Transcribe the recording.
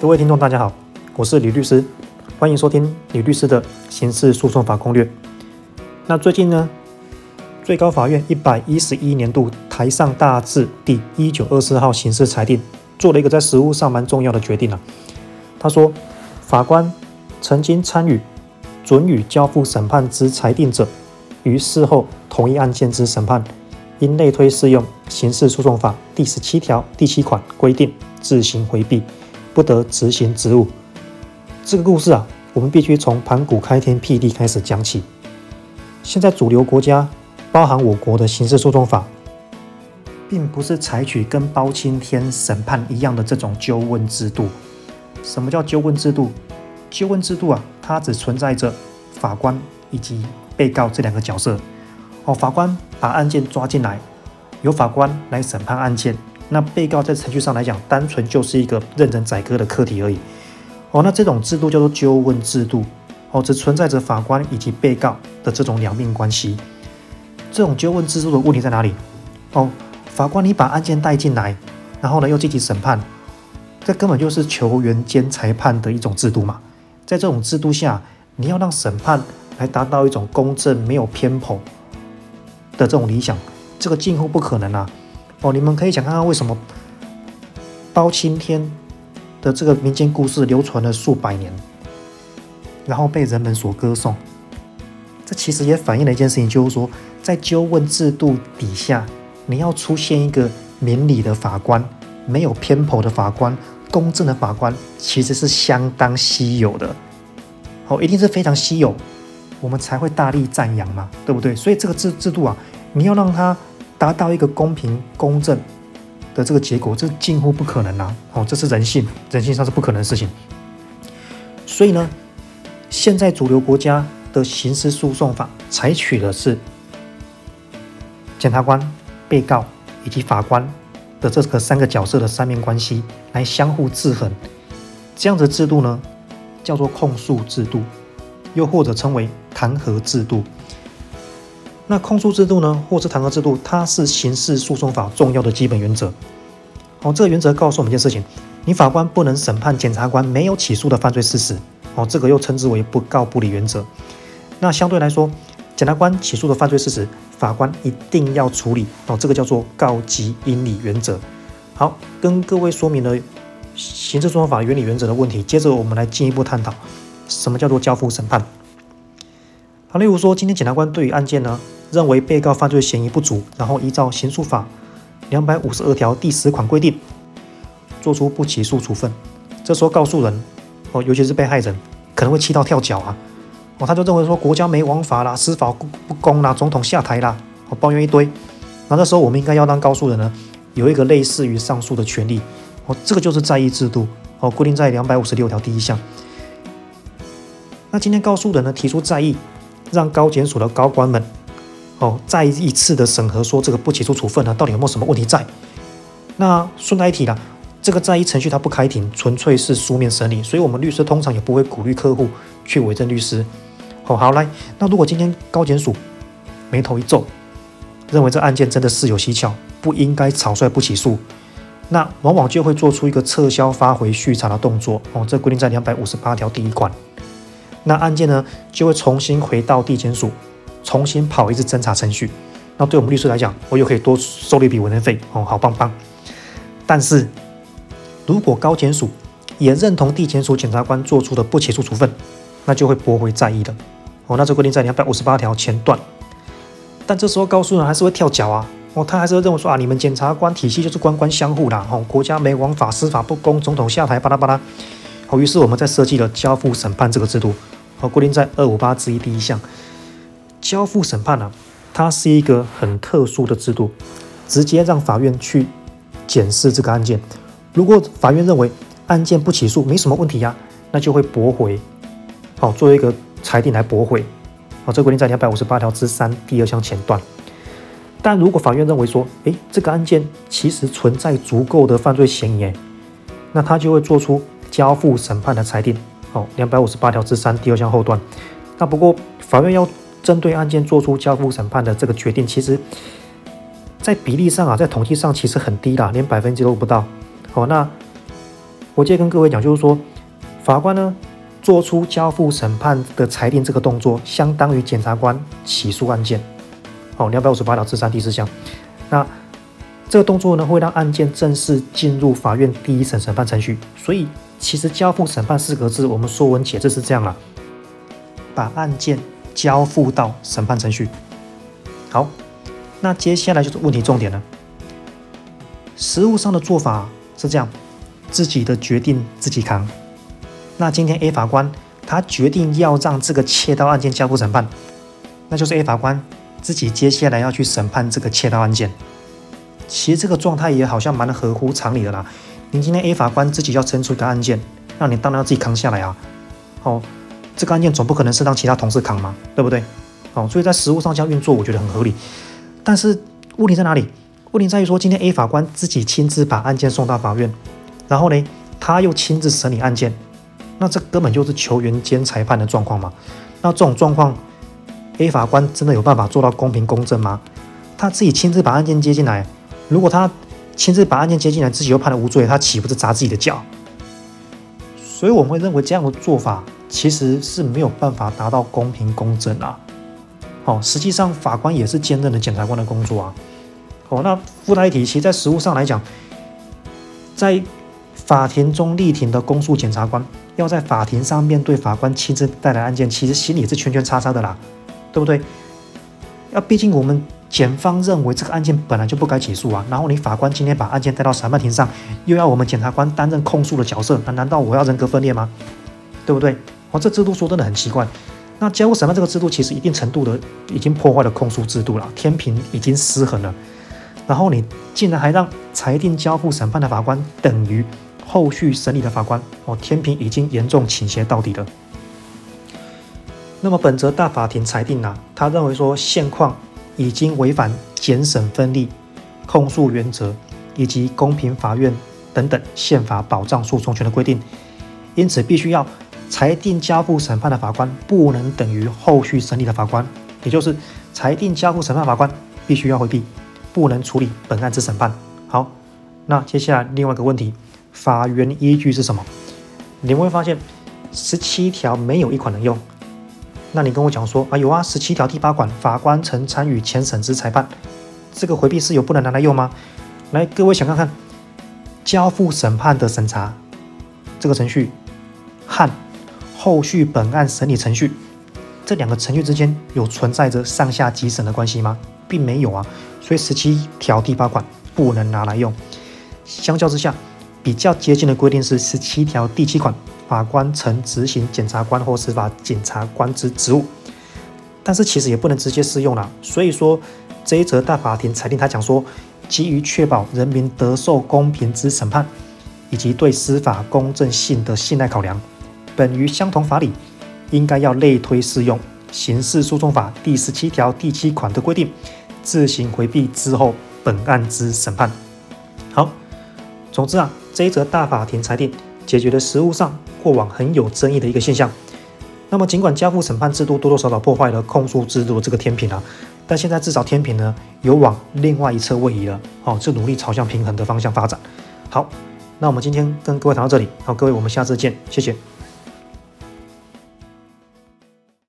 各位聽眾，大家好，我是呂律師，歡迎收聽呂律師的《刑事訴訟法攻略》。那最近呢，最高法院一百一十一年度台上大字第一九二四號刑事裁定，做了一個在實務上蠻重要的決定啊。他說，法官曾經參與准予交付審判之裁定者，於事後同一案件之審判，應類推適用《刑事訴訟法》第十七條第七款規定，自行迴避。不得執行職務。這個故事啊，我們必須從盤古開天闢地開始講起。現在主流國家，包含我國的刑事訴訟法，並不是採取跟包青天審判一樣的這種糾問制度。什麼叫糾問制度？糾問制度啊，它只存在着法官以及被告這兩個角色。哦，法官把案件抓進來，由法官來審判案件。那被告在程序上來講，單純就是一個任人宰割的客體而已。哦，那這種制度叫做糾問制度。哦，只存在着法官以及被告的這種兩面關係。這種糾問制度的問題在哪裡？哦，法官你把案件帶進來，然後呢又自己審判，這根本就是球員兼裁判的一種制度嘛。在這種制度下，你要讓審判來達到一種公正、沒有偏頗的這種理想，這個近乎不可能啊。哦，你們可以想看看為什麼包青天的這個民間故事流傳了數百年，然後被人們所歌頌。這其實也反映了一件事情，就是說，在糾問制度底下，你要出現一個明理的法官、沒有偏頗的法官、公正的法官，其實是相當稀有的。哦，一定是非常稀有，我們才會大力讚揚嘛，對不對？所以這個制制度啊，你要讓他。達到一個公平公正的這個結果，這是近乎不可能啊！哦，這是人性，人性上是不可能的事情。所以呢，現在主流國家的刑事訴訟法採取的是檢察官、被告以及法官的這個三個角色的三面關係來相互制衡。這樣的制度呢，叫做控訴制度，又或者稱為彈劾制度。那控訴制度呢，或是彈劾制度，它是刑事訴訟法重要的基本原則。哦，這個原則告訴我們一件事情：你法官不能審判檢察官沒有起訴的犯罪事實。哦，這個又稱之為不告不理原則。那相對來說，檢察官起訴的犯罪事實，法官一定要處理。哦，這個叫做告即應理原則。好，跟各位說明了刑事訴訟法原理原則的問題。接着我們來進一步探討什麼叫做交付審判。好，例如說今天檢察官對於案件呢。認為被告犯罪嫌疑不足，然後依照刑訴法兩百五十二條第十款規定，做出不起訴處分。這時候告訴人哦，尤其是被害人，可能會氣到跳腳啊！哦，他就認為說國家沒王法啦，司法不不公啦，總統下台啦，哦，抱怨一堆。那這時候我們應該要讓告訴人呢，有一個類似於上訴的權利哦，這個就是再議制度哦，規定在兩百五十六條第一項。那今天告訴人呢提出再議，讓高檢署的高官們，哦，再一次的審核，說這個不起訴處分呢、啊，到底有沒有什麼問題在？那順帶一提啦，這個再議程序它不開庭，純粹是書面審理，所以我們律師通常也不會鼓勵客戶去委任律師。哦，好嘞，那如果今天高檢署眉頭一皺，認為這案件真的是有蹊蹺，不應該草率不起訴，那往往就會做出一個撤銷發回續查的動作。哦，這規定在兩百五十八條第一款，那案件呢就會重新回到地檢署。重新跑一次偵查程序，那對我們律師來講，我又可以多收了一筆委任費，哦，好棒棒。但是如果高檢署也認同地檢署檢察官做出的不起訴處分，那就會駁回再議的哦。那這規定在兩百五十八條前段。但這時候告訴人還是會跳腳啊哦，他還是會認為說啊，你們檢察官體系就是官官相護的。哦，國家沒王法，司法不公，總統下台，巴拉巴拉哦。於是我們在設計了交付審判這個制度哦，規定在二五八之一第一項。交付審判呢、啊，它是一個很特殊的制度，直接讓法院去檢視這個案件。如果法院認為案件不起訴沒什麼問題呀、啊，那就會駁回，好、哦，做一個裁定來駁回。好、哦，這規定在兩百五十八條之三第二項前段。但如果法院認為說，誒，這個案件其實存在足夠的犯罪嫌疑，那他就會做出交付審判的裁定。好、哦，兩百五十八條之三第二項後段。那不過法院要針對案件做出交付審判的這個決定，其實，在比例上啊，在統計上其實很低的，連百分之都不到。好，那我接着跟各位講，就是說，法官呢做出交付審判的裁定這個動作，相當於檢察官起訴案件。好，兩百五十八條之三第四項。那這個動作呢，會讓案件正式進入法院第一審審判程序。所以，其實“交付審判”四個字，我們說文解字是這樣啊，把案件。交付到審判程序，好，那接下來就是問題重點了。實務上的做法是這樣，自己的決定自己扛。那今天 A 法官他決定要讓這個竊盜案件交付審判，那就是 A 法官自己接下來要去審判這個竊盜案件。其實這個狀態也好像蠻合乎常理的啦。你今天 A 法官自己要承處的案件，那你當然要自己扛下來啊。好、哦。這個案件總不可能是讓其他同事扛嘛，對不對？哦，所以在實務上這樣運作，我覺得很合理。但是問題在哪裡？問題在於說，今天 A 法官自己親自把案件送到法院，然後呢，他又親自審理案件，那這根本就是球員兼裁判的狀況嘛。那這種狀況，A 法官真的有辦法做到公平公正嗎？他自己親自把案件接進來，如果他親自把案件接進來，自己又判了無罪，他豈不是砸自己的腳？所以我們會認為這樣的做法其實是沒有辦法達到公平公正啊！好，實際上法官也是兼任了檢察官的工作啊！好，那附帶一提，其實在實務上來講，在法庭中立庭的公訴檢察官，要在法庭上面對法官親自帶來案件，其實心裡是圈圈叉叉的啦，對不對啊？要畢竟我們。檢方認為這個案件本來就不該起訴啊，然後你法官今天把案件帶到審判庭上，又要我們檢察官擔任控訴的角色，那、啊、難道我要人格分裂嗎？對不對？哦，這制度說的真的很奇怪。那交付審判這個制度其實一定程度的已經破壞了控訴制度了，天平已經失衡了。然後你竟然還讓裁定交付審判的法官等於後續審理的法官哦，天平已經嚴重傾斜到底了。那麼本則大法庭裁定呢、啊，他認為說現況。已經違反檢審分立，控訴原則以及公平法院等等憲法保障訴訟權的規定，因此必須要裁定交付審判的法官不能等於後續審理的法官，也就是裁定交付審判法官必須要迴避，不能處理本案之審判。好，那接下來另外一個問題，法源依據是什麼？你會發現十七條沒有一款能用。那你跟我講說、哎、啊，有啊，十七條第八款，法官曾參與前審之裁判，這個迴避是有不能拿來用嗎？來，各位想看看交付審判的審查這個程序，和後續本案審理程序這兩個程序之間有存在着上下級審的關係嗎？並沒有啊，所以十七條第八款不能拿來用。相較之下，比較接近的規定是十七條第七款。法官曾執行檢察官或司法警察官之職務，但是其實也不能直接適用了。所以說這一則大法庭裁定，他講說，基於確保人民得受公平之審判，以及對司法公正性的信賴考量，本於相同法理，應該要類推適用《刑事訴訟法》第十七條第七款的規定，自行迴避之後，本案之審判。好，總之啊，這一則大法庭裁定解決的實務上。過往很有爭議的一個現象，那麼儘管交付審判制度多多少少破壞了控訴制度的這個天平啊，但現在至少天平呢有往另外一側位移了，哦，是努力朝向平衡的方向發展。好，那我們今天跟各位談到這裡，好，各位我們下次見，謝謝。